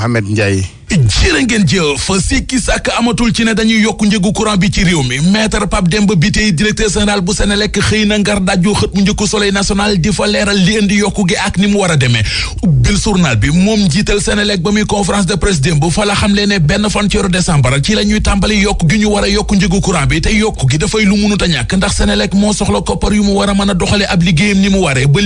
Mohamed Ndiaye jërë ngeen jëf sikki sàkk amatul ci ne dañuy yokk njëgu courant bi ci réew mi maître Pape Demba Bitèye directeur général bu Senelec xëy na ngar dajju xët mu njëkku soleil national di fa leeral li indi yokku gi ak ni mu war a demee ubbil journal bi moom jiital Senelec ba muy conférence de presse démb fa la xam le ne benn fan ci weeru décembre ci la ñuy tàmbali yokk gi ñu war a yokk njëgu courant bi te yokk gi dafay lu munut a ñàkk ndax Senelec moo soxla koppar yu mu war a mën a doxale ab liggéeyam ni mu waree ba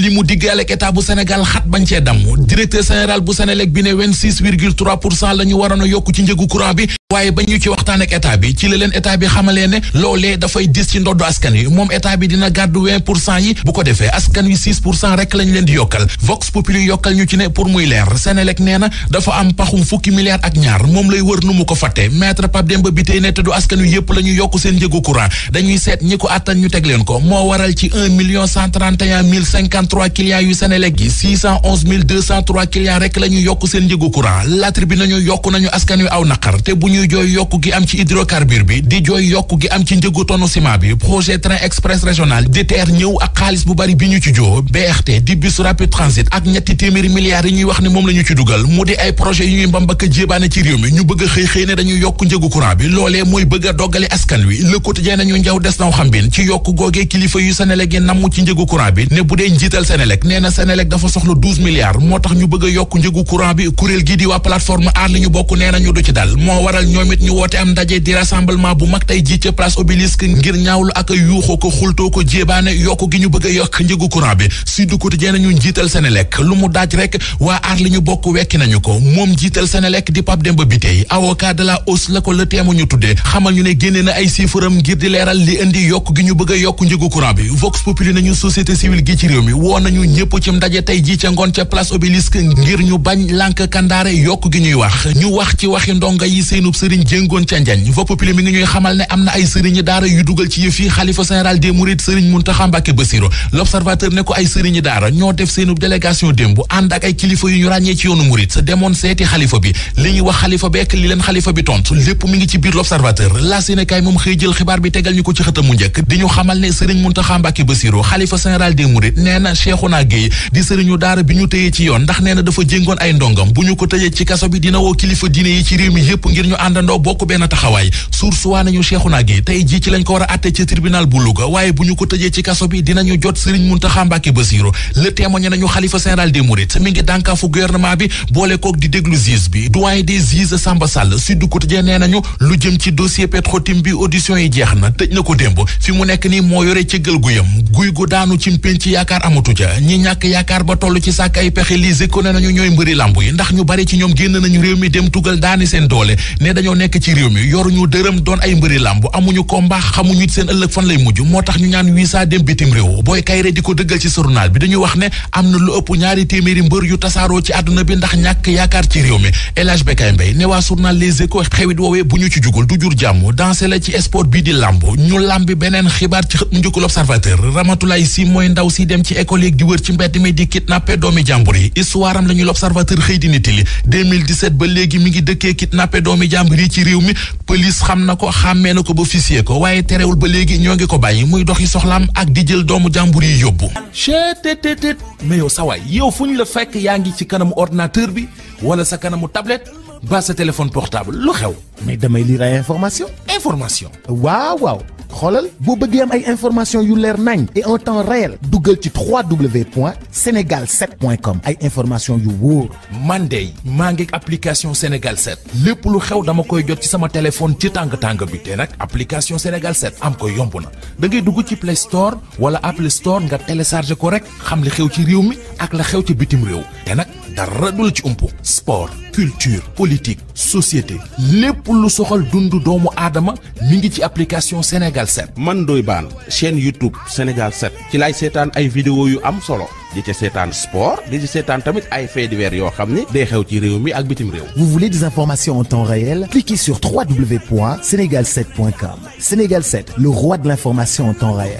lañu ñu waroon a yokk ci njëgu courant bi waaye ba ñu ci waxtaan ak état bi ci la leen état bi xamalee ne loolee dafay dis ci ndoddu askan yi moom état bi dina gàddu 20 pour cent yi bu ko defee askan wi 6 pour cent rek lañ leen di yokkal Vox Populi yokkal ñu ci ne pour muy leer Sénélec nee na dafa am paxum fukki milliards ak ñaar moom lay wër nu mu ko fàtte maître Pape Demba bi tey ne te du askan wi yëpp la ñu yokk seen njëgu courant dañuy seet ñi ko àttan ñu teg leen ko moo waral ci 1 million 131 mille 53 clients yu Sénélec yi 611 mille 203 clients rek la ñu yokk seen njëgu courant La Tribune nañu yokk nañu askan wi aw naqar ñuy jooy yokk gi am ci hydrocarbure bi di jooy yokk gi am ci njëgu tonu ciment bi projet train express régional DER ñëw ak xaalis bu bari bi ñu ci joo BRT di bus rapid transit ak ñetti téeméeri milliards yi ñuy wax ne moom la ñu ci dugal mu di ay projet yu ñuy mbambaka jébaane ci réew mi ñu bëgg a xëy xëy ne dañuy yokk njëgu courant bi loole mooy bëgg a doggale askan wi le quotidien nañu njaw des naw xam bin ci yokk googee kilifa yu Senelec yi namm ci njëgu courant bi ne bu dee njiital Senelec nee na Senelec dafa soxla 12 milliards moo tax ñu bëgg a yokk njëgu courant bi kuréel gi di waa plateforme aar li ñu bokk nee nañu du ci dal Sénégal ñoom it ñu woote am ndaje di rassemblement bu mag tey ji ca place Obélisque ngir ñaawlu ak yuuxoo ko xultoo ko jéebaane yokk gi ñu bëgg yokk njëgu courant bi si du côté ñu njiital Senelec lu mu daaj rek waa aar li ñu bokk wekki nañu ko moom njiital Senelec di Pape Demba Bitèye avocat de la hausse la ko le teemu ñu tuddee xamal ñu ne génnee na ay siifaram ngir di leeral li indi yokk gi ñu bëgg a yokk njëgu bi Vox Populi nañu société civile gi ci réew mi woo nañu ñëpp ci ndaje tey ji ca ngoon ca place Obélisque ngir ñu bañ lànk kandaare yokk gi ñuy wax ñu wax ci waxi ndonga yi seenu sub sëriñ jéngoon ca njañ vox populi mi ngi ñuy xamal ne am na ay sëriñi daara yu dugal ci yëf yi xalifa général des mourides sëriñ Muntaxa Mbàkke Basiru l'observateur ne ko ay ñoo def seenub délégation démb ànd ak ay yu ñu ci yoonu murid demoon seeti xalifa bi li ñuy xalifa bi ak li leen xalifa bi tontu lépp mi ngi ci biir l'observateur la Sénégal moom xëy jël bi tegal ñu ko ci xëtam mu njëkk di ñu xalifa général des mourides na Cheikhouna Gueye di sëriñu daara bi ñu tëyee ci yoon ndax nee na dafa jéngoon ay ndongam bu ñu ko tëjee ci kaso bi dina woo kilifa diine yi ci réew mi yépp ngir ñu àndandoo bokk benn taxawaay source waa nañu Cheikhouna Gueye tey jii ci lañ ko war a atte ci tribunal bu Louga waaye bu ñu ko tëjee ci kaso bi dinañu jot Serigne Mountakha Mbacké Bassirou le témoigné nañu xalifa général des Mourides mi ngi dànkaafu gouvernement bi boole kook di déglu juge bi doyen des juges Samba Sall Sud Quotidien nee nañu lu jëm ci dossier petro bi audition yi jeex na tëj na ko démb fi mu nekk ni moo yore cëggal guyam guy gu daanu ci penc yaakaar amatu ja ñi ñàkk yaakaar ba toll ci sàkk ay pexe lii ko ne nañu dañoo nekk ci réew mi yoruñu dërëm doon ay mbëri làmb amuñu combat xamuñu seen ëllëg fan lay mujj moo tax ñu ñaan visa dem bitim réew booy kayre di ko dëggal ci journal bi dañu wax ne am na lu ëpp ñaari téeméeri mbër yu tasaaroo ci àdduna bi ndax ñàkk yaakaar ci réew mi El Hadj Bekay ne waa journal Les Échos xewit woowee bu ñu ci du jur jàmm dansé la ci sport bii di làmb ñu làmbi beneen xibaar ci xët mu njëkk l'Observateur Ramatulaay Si mooy ndaw si dem ci école yeeg di ngi dëkkee kidnappé doomi jàmbur jàmbur yi ci réew mi police xam na ko xàmmee na ko ba fisie ko waaye terewul ba léegi ñoo ngi ko bàyyi muy doxi soxlaam ak di jël doomu jàmbur yi yóbbu chettt mais yow sawaay yow fu ñu la fekk yaa ngi ci kanamu ordinateur bi wala sa kanamu tablette ba sa téléphone portable lu xew mais damay lire ay information information waaw waaw xoolal boo bëggee am ay information yu leer nañ et en temps réel duggal ci www.senegal7.com ay information yu wóor man de maa ngi application Sénégal 7 lépp lu xew dama koy jot ci sama téléphone ci tàng tàng bi te nag application Sénégal 7 am ko yomb na dangay dugg ci Play Store wala Apple Store nga télécharge ko rek xam li xew ci réew mi ak la xew ci bitim réew te nag dara dul ci umpu sport culture politique société pour lu soxal dundu doomu aadama mi ngi ci application Sénégal man doy baan chaîne YouTube Sénégal 7 ci laay seetaan ay vidéo yu am solo di ci seetaan sport di ci seetaan tamit ay faits yoo xam ni day xew ci réew mi ak bitim réew. Vous voulez des informations en temps réel? Cliquez sur www.senegal7.com. Sénégal 7, le roi de l'information en temps réel.